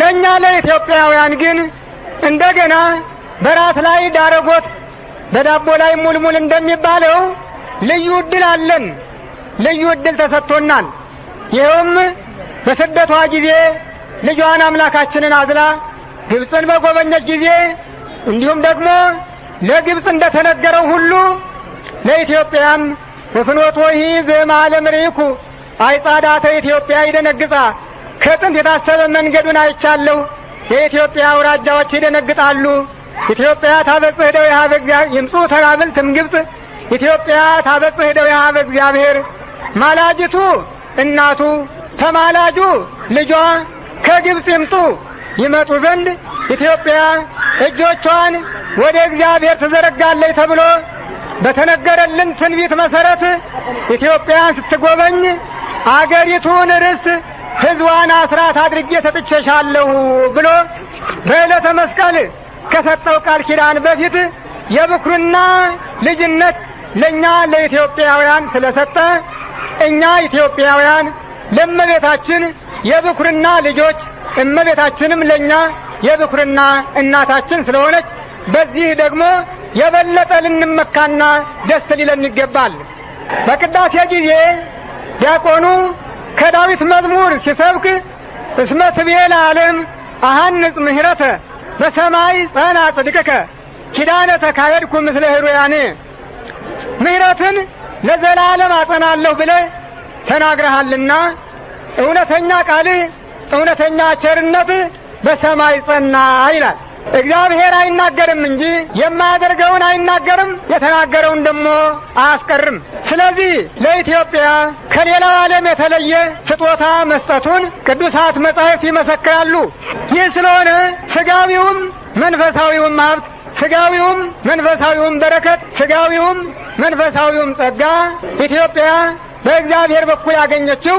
ለእኛ ለኢትዮጵያውያን ግን እንደገና በራት ላይ ዳረጎት በዳቦ ላይ ሙልሙል እንደሚባለው ልዩ እድል አለን። ልዩ እድል ተሰጥቶናል። ይኸውም በስደቷ ጊዜ ልጇን አምላካችንን አዝላ ግብፅን በጎበኘች ጊዜ እንዲሁም ደግሞ ለግብፅ እንደተነገረው ሁሉ ለኢትዮጵያም በፍኖት ወሂ ዘመዓለም ርኢኩ አይጻዳተ ኢትዮጵያ ይደነግጻ ከጥንት የታሰበ መንገዱን አይቻለሁ። የኢትዮጵያ አውራጃዎች ይደነግጣሉ። ኢትዮጵያ ደው እደዊሃ እግዚአብሔር ይምጹ ተራብል ግብጽ ኢትዮጵያ ደው እደዊሃ እግዚአብሔር ማላጅቱ እናቱ ተማላጁ ልጇ ከግብጽ ይምጡ ይመጡ ዘንድ ኢትዮጵያ እጆቿን ወደ እግዚአብሔር ትዘረጋለች ተብሎ በተነገረልን ትንቢት መሰረት ኢትዮጵያን ስትጎበኝ አገሪቱን ርስት ሕዝዋን አስራት አድርጌ ሰጥቼሻለሁ ብሎ በዕለተ መስቀል ከሰጠው ቃል ኪዳን በፊት የብኩርና ልጅነት ለእኛ ለኢትዮጵያውያን ስለሰጠ እኛ ኢትዮጵያውያን ለእመቤታችን የብኩርና ልጆች እመቤታችንም ለእኛ የብኩርና እናታችን ስለሆነች በዚህ ደግሞ የበለጠ ልንመካና ደስ ሊለን ይገባል። በቅዳሴ ጊዜ ዲያቆኑ ከዳዊት መዝሙር ሲሰብክ እስመ ትብዬ ለዓለም አሃንጽ ምህረተ በሰማይ ጸና ጽድቅከ ኪዳነ ተካሄድኩ ምስለ ህሩያኔ ምህረትን ለዘላለም አጸናለሁ ብለ ተናግረሃልና እውነተኛ ቃል እውነተኛ ቸርነት በሰማይ ጸና ይላል። እግዚአብሔር አይናገርም እንጂ የማያደርገውን አይናገርም፣ የተናገረውን ደግሞ አያስቀርም። ስለዚህ ለኢትዮጵያ ከሌላው ዓለም የተለየ ስጦታ መስጠቱን ቅዱሳት መጻሕፍት ይመሰክራሉ። ይህ ስለሆነ ስጋዊውም መንፈሳዊውም ሀብት ስጋዊውም መንፈሳዊውም በረከት ስጋዊውም መንፈሳዊውም ጸጋ ኢትዮጵያ በእግዚአብሔር በኩል ያገኘችው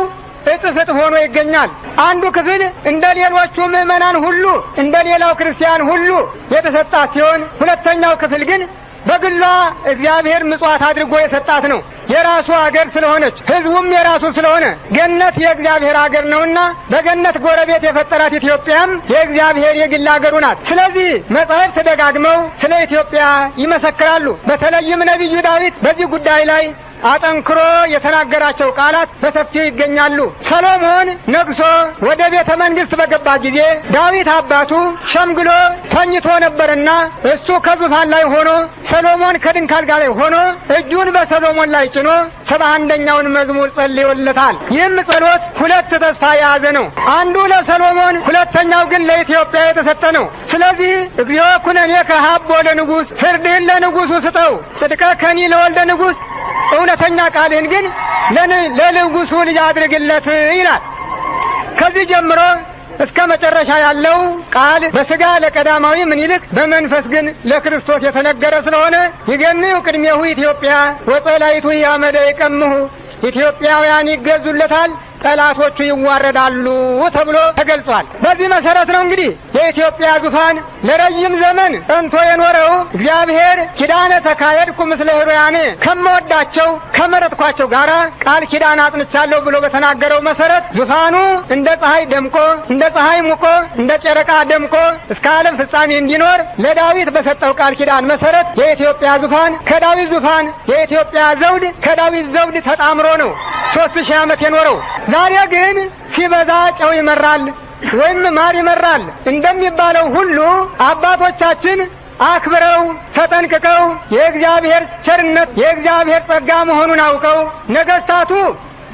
እጥፍ ሆኖ ይገኛል። አንዱ ክፍል እንደ ሌሎቹ ምዕመናን ሁሉ እንደ ሌላው ክርስቲያን ሁሉ የተሰጣት ሲሆን ሁለተኛው ክፍል ግን በግሏ እግዚአብሔር ምጽዋት አድርጎ የሰጣት ነው። የራሱ አገር ስለሆነች ሕዝቡም የራሱ ስለሆነ ገነት የእግዚአብሔር አገር ነውና በገነት ጎረቤት የፈጠራት ኢትዮጵያም የእግዚአብሔር የግል አገሩ ናት። ስለዚህ መጻሕፍት ደጋግመው ስለ ኢትዮጵያ ይመሰክራሉ። በተለይም ነቢዩ ዳዊት በዚህ ጉዳይ ላይ አጠንክሮ የተናገራቸው ቃላት በሰፊው ይገኛሉ። ሰሎሞን ነግሶ ወደ ቤተ መንግሥት በገባ ጊዜ ዳዊት አባቱ ሸምግሎ ተኝቶ ነበርና እሱ ከዙፋን ላይ ሆኖ ሰሎሞን ከድንካል ጋር ላይ ሆኖ እጁን በሰሎሞን ላይ ጭኖ ሰባ አንደኛውን መዝሙር ጸልዮለታል። ይህም ጸሎት ሁለት ተስፋ የያዘ ነው። አንዱ ለሰሎሞን፣ ሁለተኛው ግን ለኢትዮጵያ የተሰጠ ነው። ስለዚህ እግዚኦ ኩነኔ ከሀቦ ለንጉሥ፣ ፍርድህን ለንጉሡ ስጠው፣ ጽድቀ ከኒ ለወልደ ንጉሥ እውነተኛ ቃልህን ግን ለንጉሱ ልጅ አድርግለት ይላል። ከዚህ ጀምሮ እስከ መጨረሻ ያለው ቃል በስጋ ለቀዳማዊ ምኒልክ በመንፈስ ግን ለክርስቶስ የተነገረ ስለሆነ ይገንዩ ቅድሜሁ ኢትዮጵያ ወጸላይቱ ያመደ ይቀምሁ ኢትዮጵያውያን ይገዙለታል ጠላቶቹ ይዋረዳሉ ተብሎ ተገልጿል። በዚህ መሰረት ነው እንግዲህ የኢትዮጵያ ዙፋን ለረጅም ዘመን ጸንቶ የኖረው እግዚአብሔር ኪዳነ ተካሄድኩ ምስለ ኅሩያኔ ከመወዳቸው ከመረጥኳቸው ጋር ቃል ኪዳን አጥንቻለሁ ብሎ በተናገረው መሰረት ዙፋኑ እንደ ፀሐይ ደምቆ እንደ ፀሐይ ሙቆ እንደ ጨረቃ ደምቆ እስከ ዓለም ፍጻሜ እንዲኖር ለዳዊት በሰጠው ቃል ኪዳን መሰረት የኢትዮጵያ ዙፋን ከዳዊት ዙፋን የኢትዮጵያ ዘውድ ከዳዊት ዘውድ ተጣምሮ ነው ሶስት ሺህ ዓመት የኖረው። ዛሬ ግን ሲበዛ ጨው ይመራል ወይም ማር ይመራል እንደሚባለው ሁሉ አባቶቻችን አክብረው ተጠንቅቀው የእግዚአብሔር ቸርነት የእግዚአብሔር ጸጋ መሆኑን አውቀው ነገስታቱ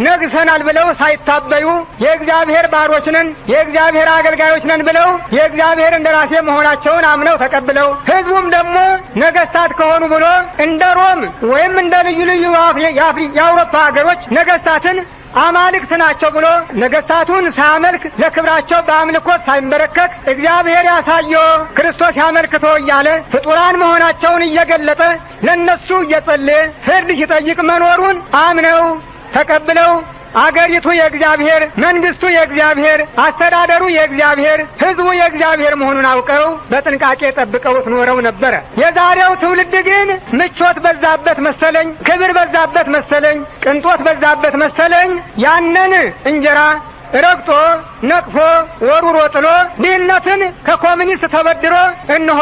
ነግሰናል ብለው ሳይታበዩ የእግዚአብሔር ባሮች ነን የእግዚአብሔር አገልጋዮች ነን ብለው የእግዚአብሔር እንደራሴ መሆናቸውን አምነው ተቀብለው ህዝቡም ደግሞ ነገስታት ከሆኑ ብሎ እንደ ሮም ወይም እንደ ልዩ ልዩ የአውሮፓ ሀገሮች ነገስታትን አማልክት ናቸው ብሎ ነገስታቱን ሳያመልክ ለክብራቸው በአምልኮት ሳይመረከክ እግዚአብሔር ያሳየው ክርስቶስ ያመልክቶ እያለ ፍጡራን መሆናቸውን እየገለጠ ለእነሱ እየጸለየ ፍርድ ሲጠይቅ መኖሩን አምነው ተቀብለው አገሪቱ የእግዚአብሔር፣ መንግስቱ የእግዚአብሔር፣ አስተዳደሩ የእግዚአብሔር፣ ህዝቡ የእግዚአብሔር መሆኑን አውቀው በጥንቃቄ ጠብቀውት ኖረው ነበረ። የዛሬው ትውልድ ግን ምቾት በዛበት መሰለኝ፣ ክብር በዛበት መሰለኝ፣ ቅንጦት በዛበት መሰለኝ ያንን እንጀራ ረግጦ ነቅፎ ወሩሮ ጥሎ ድህነትን ከኮሚኒስት ተበድሮ እንሆ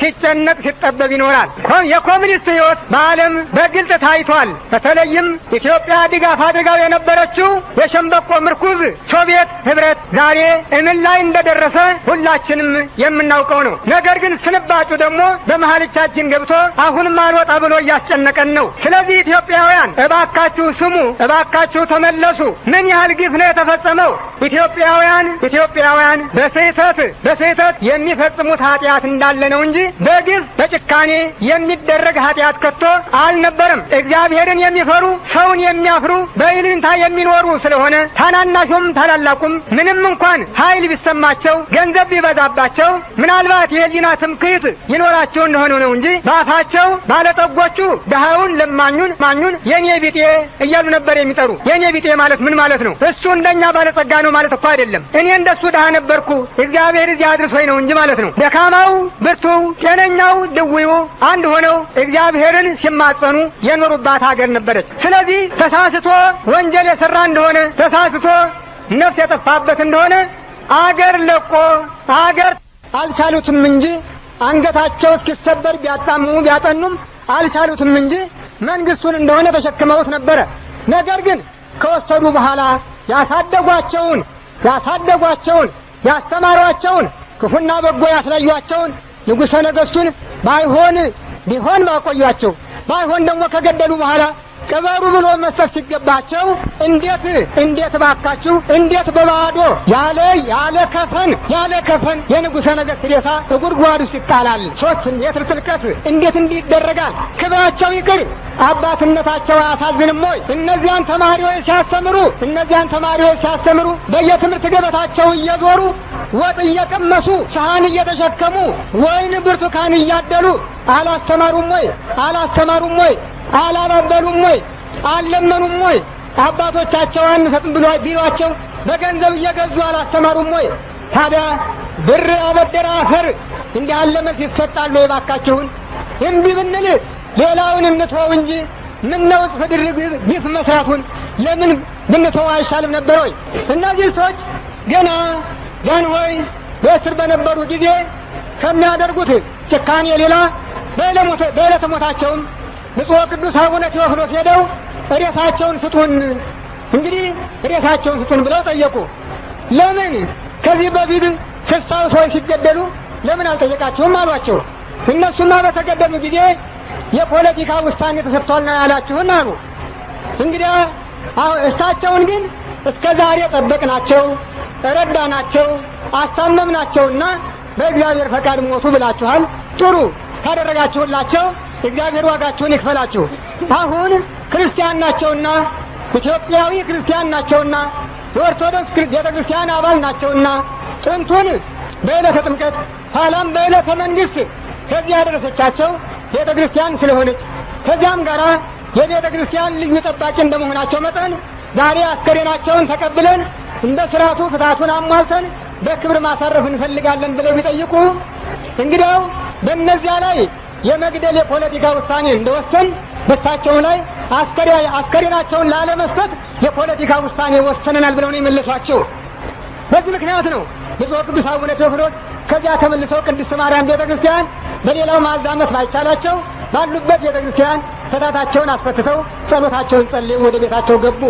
ሲጨነቅ ሲጠበብ ይኖራል። የኮሚኒስት ሕይወት በዓለም በግልጽ ታይቷል። በተለይም ኢትዮጵያ ድጋፍ አድርጋው የነበረችው የሸንበቆ ምርኩዝ ሶቪየት ህብረት ዛሬ እምን ላይ እንደደረሰ ሁላችንም የምናውቀው ነው። ነገር ግን ስንባጩ ደግሞ በመሀልቻችን ገብቶ አሁንም አልወጣ ብሎ እያስጨነቀን ነው። ስለዚህ ኢትዮጵያውያን እባካችሁ ስሙ፣ እባካችሁ ተመለሱ። ምን ያህል ግፍ ነው የተፈጸመ ነው። ኢትዮጵያውያን ኢትዮጵያውያን በስህተት በስህተት የሚፈጽሙት ኃጢአት እንዳለ ነው እንጂ በግፍ በጭካኔ የሚደረግ ኃጢአት ከቶ አልነበረም። እግዚአብሔርን የሚፈሩ ሰውን የሚያፍሩ በይልንታ የሚኖሩ ስለሆነ ታናናሹም ታላላቁም ምንም እንኳን ኃይል ቢሰማቸው ገንዘብ ቢበዛባቸው ምናልባት የህሊና ትምክህት ይኖራቸው እንደሆነ ነው እንጂ በአፋቸው ባለጠጎቹ ድሃውን ለማኙን ማኙን የኔ ቢጤ እያሉ ነበር የሚጠሩ። የኔ ቢጤ ማለት ምን ማለት ነው? እሱ እንደኛ ባለ ባለጸጋ ነው ማለት እኮ አይደለም። እኔ እንደሱ ድሃ ነበርኩ እግዚአብሔር እዚህ አድርሶኝ ነው እንጂ ማለት ነው። ደካማው ብርቱው፣ ጤነኛው ድውዩ አንድ ሆነው እግዚአብሔርን ሲማጸኑ የኖሩባት ሀገር ነበረች። ስለዚህ ተሳስቶ ወንጀል የሰራ እንደሆነ ተሳስቶ ነፍስ የጠፋበት እንደሆነ አገር ለቆ አገር አልቻሉትም እንጂ አንገታቸው እስኪሰበር ቢያጣምሙ ቢያጠኑም አልቻሉትም እንጂ መንግስቱን እንደሆነ ተሸክመውት ነበረ። ነገር ግን ከወሰዱ በኋላ ያሳደጓቸውን ያሳደጓቸውን ያስተማሯቸውን ክፉና በጎ ያስለዩአቸውን ንጉሠ ነገሥቱን ባይሆን ቢሆን ባቆዩአቸው ባይሆን ደግሞ ከገደሉ በኋላ ቅበሩ ብሎ መስጠት ሲገባቸው እንዴት እንዴት ባካችሁ እንዴት በባዶ ያለ ያለ ከፈን ያለ ከፈን የንጉሠ ነገሥት ሬሳ በጉድጓድ ውስጥ ይጣላል። ሶስት ሜትር ጥልቀት እንዴት እንዲህ ይደረጋል? ክብራቸው ይቅር አባትነታቸው አያሳዝንም ወይ? እነዚያን ተማሪዎች ሲያስተምሩ እነዚያን ተማሪዎች ሲያስተምሩ በየትምህርት ገበታቸው እየዞሩ ወጥ እየቀመሱ ሻሃን እየተሸከሙ ወይን ብርቱካን እያደሉ አላስተማሩም ወይ? አላስተማሩም ወይ? አላባበሉም ወይ አልለመኑም ወይ አባቶቻቸው አንሰጥም ብሎ ቢሏቸው በገንዘብ እየገዙ አላስተማሩም ወይ? ታዲያ ብር አበደረ አፈር እንዲህ አለ መልስ ይሰጣል ወይ? ባካችሁን እምቢ ብንል ሌላውን እንተው እንጂ ምን ነው ድርግ ቤት መስራቱን ለምን ብንተው አይሻልም ነበር ወይ? እነዚህ ሰዎች ገና ገን ሆይ በእስር በነበሩ ጊዜ ከሚያደርጉት ጭካኔ ሌላ በዕለተ ሞታቸውም ንጹሕ ቅዱስ አቡነ ቴዎፍሎስ ሄደው ሬሳቸውን ስጡን፣ እንግዲህ ሬሳቸውን ስጡን ብለው ጠየቁ። ለምን ከዚህ በፊት ስሳው ሰዎች ሲገደሉ ለምን አልጠየቃችሁም አሏቸው። እነሱማ በተገደሉ ጊዜ የፖለቲካ ውሳኔ ተሰጥቷልና ያላችሁን አሉ። እንግዲያ እሳቸውን ግን እስከ ዛሬ ጠበቅናቸው፣ ረዳናቸው፣ አስታመምናቸውና በእግዚአብሔር ፈቃድ ሞቱ ብላችኋል። ጥሩ ካደረጋችሁላቸው እግዚአብሔር ዋጋቸውን ይክፈላችሁ። አሁን ክርስቲያን ናቸውና ኢትዮጵያዊ ክርስቲያን ናቸውና የኦርቶዶክስ ቤተ ክርስቲያን አባል ናቸውና ጥንቱን በዕለተ ጥምቀት ኋላም በዕለተ መንግስት ከዚህ ያደረሰቻቸው ቤተ ክርስቲያን ስለሆነች ከዚያም ጋራ የቤተ ክርስቲያን ልዩ ጠባቂ እንደመሆናቸው መጠን ዛሬ አስከሬናቸውን ተቀብለን እንደ ስርዓቱ ፍታቱን አሟልተን በክብር ማሳረፍ እንፈልጋለን ብለው ቢጠይቁ እንግዲያው በእነዚያ ላይ የመግደል የፖለቲካ ውሳኔ እንደወሰን በሳቸው ላይ አስከሬናቸውን ላለመስጠት የፖለቲካ ውሳኔ ወሰነናል ብለው ነው የመለሷቸው። በዚህ ምክንያት ነው ብፁዕ ቅዱስ አቡነ ቴዎፍሎስ ከዚያ ተመልሰው ቅድስት ማርያም ቤተክርስቲያን በሌላው ማዛመት ባይቻላቸው ባሉበት ቤተክርስቲያን ፈታታቸውን አስፈትተው ጸሎታቸውን ጸልየው ወደ ቤታቸው ገቡ።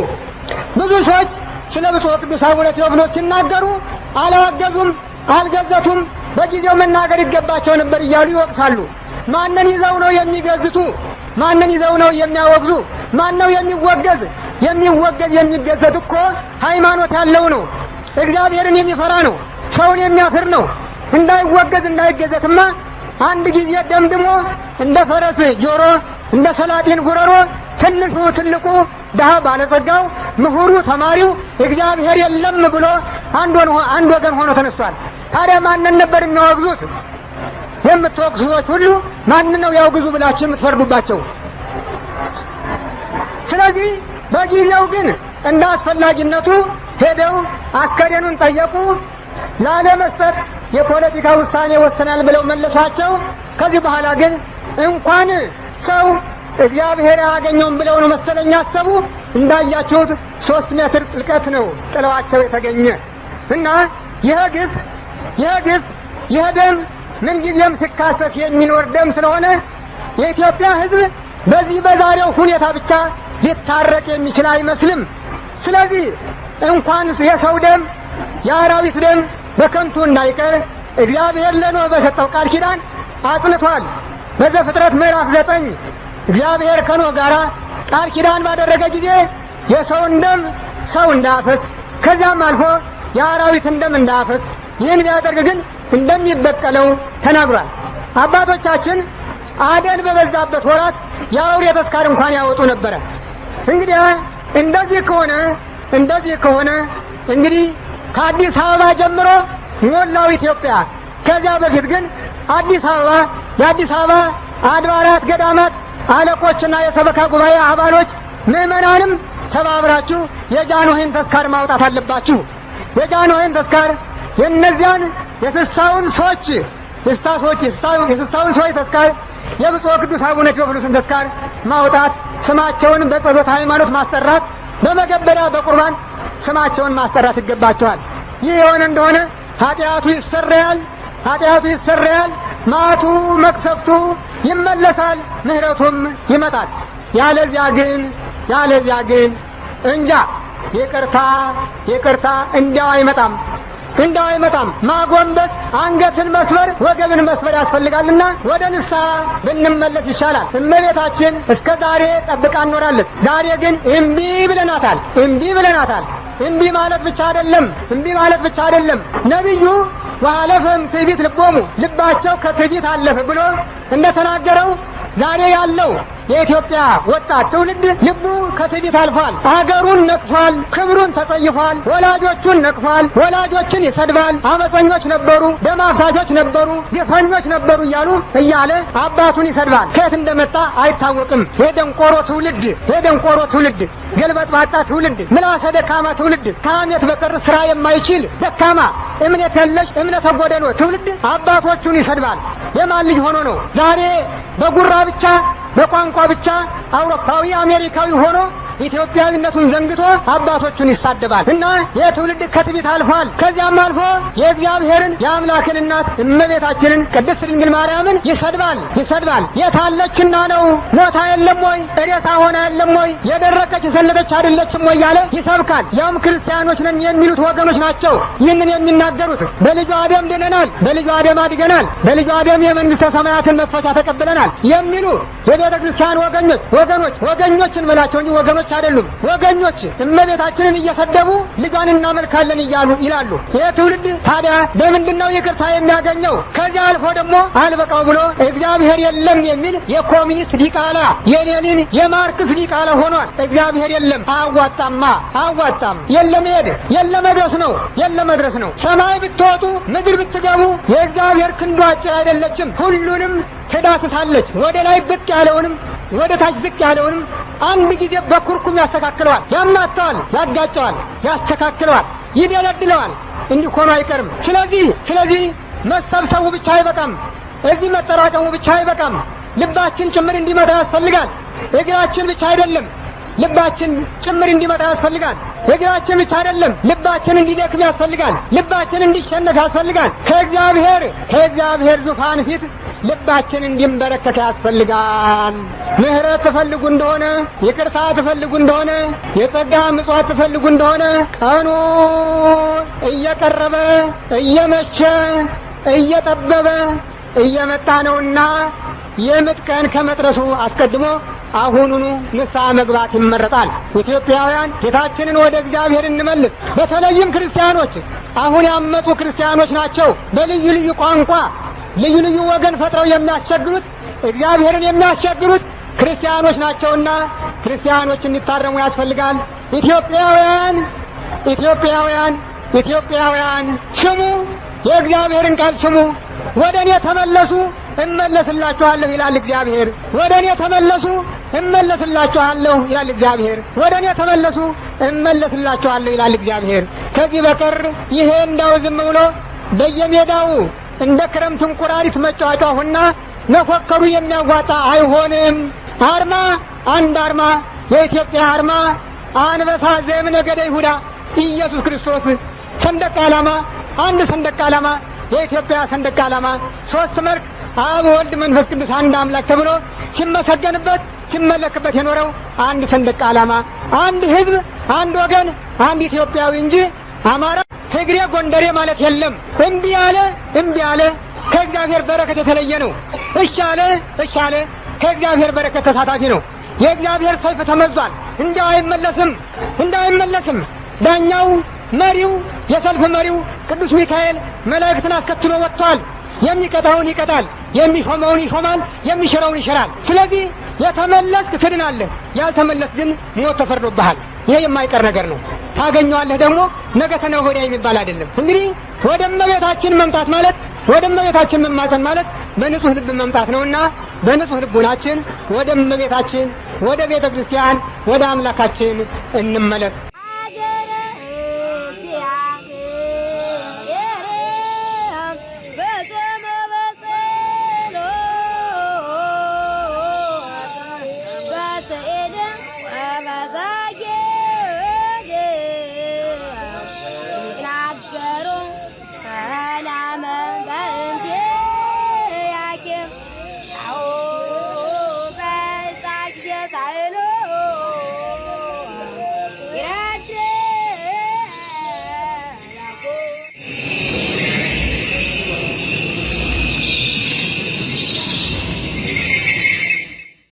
ብዙ ሰዎች ስለ ብፁዕ ቅዱስ አቡነ ቴዎፍሎስ ሲናገሩ አላወገዙም፣ አልገዘቱም፣ በጊዜው መናገር ይገባቸው ነበር እያሉ ይወቅሳሉ። ማንን ይዘው ነው የሚገዝቱ? ማንን ይዘው ነው የሚያወግዙ? ማን ነው የሚወገዝ? የሚወገዝ የሚገዘት እኮ ሃይማኖት ያለው ነው። እግዚአብሔርን የሚፈራ ነው። ሰውን የሚያፍር ነው። እንዳይወገዝ እንዳይገዘትማ አንድ ጊዜ ደምድሞ እንደ ፈረስ ጆሮ፣ እንደ ሰላጤን ጉረሮ፣ ትንሹ ትልቁ፣ ድሃ ባለጸጋው፣ ምሁሩ ተማሪው እግዚአብሔር የለም ብሎ አንድ ወገን ሆኖ ተነስቷል። ታዲያ ማንን ነበር የሚያወግዙት? የምትወቅሱ ሰዎች ሁሉ ማን ነው ያውግዙ ብላችሁ የምትፈርዱባቸው? ስለዚህ በጊዜው ግን እንደ አስፈላጊነቱ ሄደው አስከሬኑን ጠየቁ። ላለመስጠት የፖለቲካ ውሳኔ ወሰናል ብለው መለሷቸው። ከዚህ በኋላ ግን እንኳን ሰው እግዚአብሔር አያገኘውም ብለው ነው መሰለኝ ያሰቡ። እንዳያችሁት ሶስት ሜትር ጥልቀት ነው ጥለዋቸው የተገኘ እና ይህ ግፍ ይህ ግፍ ይህ ደም ምንጊዜም ሲካሰስ የሚኖር ደም ስለሆነ የኢትዮጵያ ሕዝብ በዚህ በዛሬው ሁኔታ ብቻ ሊታረቅ የሚችል አይመስልም። ስለዚህ እንኳንስ የሰው ደም የአራዊት ደም በከንቱ እንዳይቀር እግዚአብሔር ለኖህ በሰጠው ቃል ኪዳን አጽንቷል። በዘፍጥረት ምዕራፍ ዘጠኝ እግዚአብሔር ከኖህ ጋር ቃል ኪዳን ባደረገ ጊዜ የሰውን ደም ሰው እንዳያፈስ ከዚያም አልፎ የአራዊትን ደም እንዳያፈስ ይህን ቢያደርግ ግን እንደሚበቀለው ተናግሯል። አባቶቻችን አደን በበዛበት ወራት የአውሬ ተስካር እንኳን ያወጡ ነበረ። እንግዲህ እንደዚህ ከሆነ እንደዚህ ከሆነ እንግዲህ ከአዲስ አበባ ጀምሮ ሞላው ኢትዮጵያ። ከዚያ በፊት ግን አዲስ አበባ የአዲስ አበባ አድባራት፣ ገዳማት አለቆችና የሰበካ ጉባኤ አባሎች ምዕመናንም ተባብራችሁ የጃንሆይን ተስካር ማውጣት አለባችሁ። የጃንሆይን ተስካር የእነዚያን የስሳውን ሰዎች የስሳ ሰዎች የስሳውን ሰዎች ተስካር የብፁዕ ቅዱስ አቡነ ቴዎፍሎስን ተስካር ማውጣት ስማቸውን በጸሎት ሃይማኖት ማስጠራት በመገበሪያ በቁርባን ስማቸውን ማስጠራት ይገባቸዋል። ይህ የሆነ እንደሆነ ኃጢአቱ ይሰረያል፣ ኃጢአቱ ይሰረያል፣ ማቱ መቅሰፍቱ ይመለሳል፣ ምህረቱም ይመጣል። ያለዚያ ግን ያለዚያ ግን እንጃ ይቅርታ ይቅርታ እንዲያው አይመጣም። እንዳው አይመጣም። ማጎንበስ፣ አንገትን መስበር፣ ወገብን መስበር ያስፈልጋልና ወደ ንስሐ ብንመለስ ይሻላል። እመቤታችን እስከ ዛሬ ጠብቃ እኖራለች። ዛሬ ግን እምቢ ብለናታል። እምቢ ብለናታል። እምቢ ማለት ብቻ አይደለም። እምቢ ማለት ብቻ አይደለም። ነቢዩ ወሃለፈም ትዕቢት ልቦሙ ልባቸው ከትዕቢት አለፈ ብሎ እንደተናገረው ዛሬ ያለው የኢትዮጵያ ወጣት ትውልድ ልቡ ከትዕቢት አልፏል። አገሩን ነቅፏል። ክብሩን ተጸይፏል። ወላጆቹን ነቅፏል። ወላጆችን ይሰድባል። አመፀኞች ነበሩ፣ ደም አፍሳሾች ነበሩ፣ ግፈኞች ነበሩ እያሉ እያለ አባቱን ይሰድባል። ከየት እንደመጣ አይታወቅም። የደንቆሮ ትውልድ የደንቆሮ ትውልድ፣ ገልበጥ ባጣ ትውልድ፣ ምላሰ ደካማ ትውልድ፣ ከአሜት በቀር ስራ የማይችል ደካማ እምነት የለሽ እምነት ጎደሎ ትውልድ አባቶቹን ይሰድባል። የማን ልጅ ሆኖ ነው ዛሬ በጉራ ብቻ በቋንቋ ብቻ አውሮፓዊ አሜሪካዊ ሆኖ ኢትዮጵያዊነቱን ዘንግቶ አባቶቹን ይሳደባል እና የትውልድ ከትቢት አልፏል። ከዚያም አልፎ የእግዚአብሔርን የአምላክን እናት እመቤታችንን ቅድስት ድንግል ማርያምን ይሰድባል ይሰድባል። የታለችና ነው ሞታ የለም ወይ ሬሳ ሆና የለም ወይ የደረቀች የሰለተች አይደለችም ወይ ያለ ይሰብካል። ያውም ክርስቲያኖች ነን የሚሉት ወገኖች ናቸው ይህንን የሚናገሩት። በልጇ ደም ድነናል፣ በልጇ ደም አድገናል፣ በልጇ ደም የመንግሥተ ሰማያትን መክፈቻ ተቀብለናል የሚሉ የቤተ ክርስቲያን ወገኞች ወገኖች ወገኞች እንበላቸው እንጂ ወገኖች ወገኖች አይደሉም። ወገኞች እመቤታችንን እየሰደቡ ልጇን እናመልካለን እያሉ ይላሉ። ይህ ትውልድ ታዲያ በምንድን ነው ይቅርታ የሚያገኘው? ከዚያ አልፎ ደግሞ አልበቃው ብሎ እግዚአብሔር የለም የሚል የኮሚኒስት ዲቃላ የሌኒን የማርክስ ዲቃላ ሆኗል። እግዚአብሔር የለም አዋጣማ አዋጣም የለም ሄድ የለም መድረስ ነው የለም መድረስ ነው። ሰማይ ብትወጡ ምድር ብትገቡ የእግዚአብሔር ክንዱ አጭር አይደለችም። ሁሉንም ትዳስሳለች። ወደ ላይ ብቅ ያለውንም ወደ ታች ዝቅ ያለውንም አንድ ጊዜ በኩርኩም ያስተካክለዋል፣ ያማተዋል፣ ያጋጨዋል፣ ያስተካክለዋል፣ ይደለድለዋል። እንዲህ ሆኖ አይቀርም። ስለዚህ ስለዚህ መሰብሰቡ ብቻ አይበቃም፣ እዚህ መጠራቀሙ ብቻ አይበቃም። ልባችን ጭምር እንዲመጣ ያስፈልጋል። እግራችን ብቻ አይደለም፣ ልባችን ጭምር እንዲመጣ ያስፈልጋል። እግራችን ብቻ አይደለም፣ ልባችን እንዲደክም ያስፈልጋል። ልባችን እንዲሸነፍ ያስፈልጋል። ከእግዚአብሔር ከእግዚአብሔር ዙፋን ፊት ልባችን እንዲንበረከከ ያስፈልጋል። ምህረት ትፈልጉ እንደሆነ ይቅርታ ትፈልጉ እንደሆነ የጸጋ ምጽዋት ትፈልጉ እንደሆነ ቀኑ እየቀረበ እየመሸ እየጠበበ እየመጣ ነውና የምጥ ቀን ከመጥረሱ አስቀድሞ አሁኑኑ ንስሐ መግባት ይመረጣል። ኢትዮጵያውያን ጌታችንን ወደ እግዚአብሔር እንመልስ። በተለይም ክርስቲያኖች አሁን ያመጡ ክርስቲያኖች ናቸው በልዩ ልዩ ቋንቋ ልዩ ልዩ ወገን ፈጥረው የሚያስቸግሩት እግዚአብሔርን የሚያስቸግሩት ክርስቲያኖች ናቸውና ክርስቲያኖች እንዲታረሙ ያስፈልጋል። ኢትዮጵያውያን ኢትዮጵያውያን ኢትዮጵያውያን ስሙ፣ የእግዚአብሔርን ቃል ስሙ። ወደ እኔ ተመለሱ እመለስላችኋለሁ ይላል እግዚአብሔር። ወደ እኔ ተመለሱ እመለስላችኋለሁ ይላል እግዚአብሔር። ወደ እኔ ተመለሱ እመለስላችኋለሁ ይላል እግዚአብሔር። ከዚህ በቀር ይሄ እንዳው ዝም ብሎ በየሜዳው እንደ ክረምት እንቁራሪት መጫወቻ ሁና መፎከሩ የሚያዋጣ አይሆንም። አርማ አንድ አርማ የኢትዮጵያ አርማ አንበሳ ነገደ ይሁዳ ኢየሱስ ክርስቶስ። ሰንደቅ ዓላማ አንድ ሰንደቅ ዓላማ የኢትዮጵያ ሰንደቅ ዓላማ ሶስት መልክ አብ ወልድ መንፈስ ቅዱስ አንድ አምላክ ተብሎ ሲመሰገንበት ሲመለክበት የኖረው አንድ ሰንደቅ ዓላማ፣ አንድ ህዝብ አንድ ወገን፣ አንድ ኢትዮጵያዊ እንጂ አማራ ትግሬ ጎንደሬ ማለት የለም። እምቢ አለ እምቢ አለ ከእግዚአብሔር በረከት የተለየ ነው። እሺ አለ እሺ አለ ከእግዚአብሔር በረከት ተሳታፊ ነው። የእግዚአብሔር ሰይፍ ተመዟል። እንዲያው አይመለስም፣ እንዲያው አይመለስም። ዳኛው፣ መሪው፣ የሰልፍ መሪው ቅዱስ ሚካኤል መላእክትን አስከትሎ ወጥቷል። የሚቀጣውን ይቀጣል፣ የሚሾመውን ይሾማል፣ የሚሽረውን ይሽራል። ስለዚህ የተመለስክ ትድናለህ፣ ያልተመለስ ግን ሞት ተፈርዶብሃል። ይሄ የማይቀር ነገር ነው። ታገኘዋለህ ደግሞ ነገ ተነገ ወዲያ የሚባል አይደለም። እንግዲህ ወደ እመቤታችን መምጣት ማለት ወደ እመቤታችን መማፀን ማለት በንጹህ ልብ መምጣት ነውና በንጹህ ልቡናችን ወደ እመቤታችን፣ ወደ ቤተ ክርስቲያን፣ ወደ አምላካችን እንመለስ።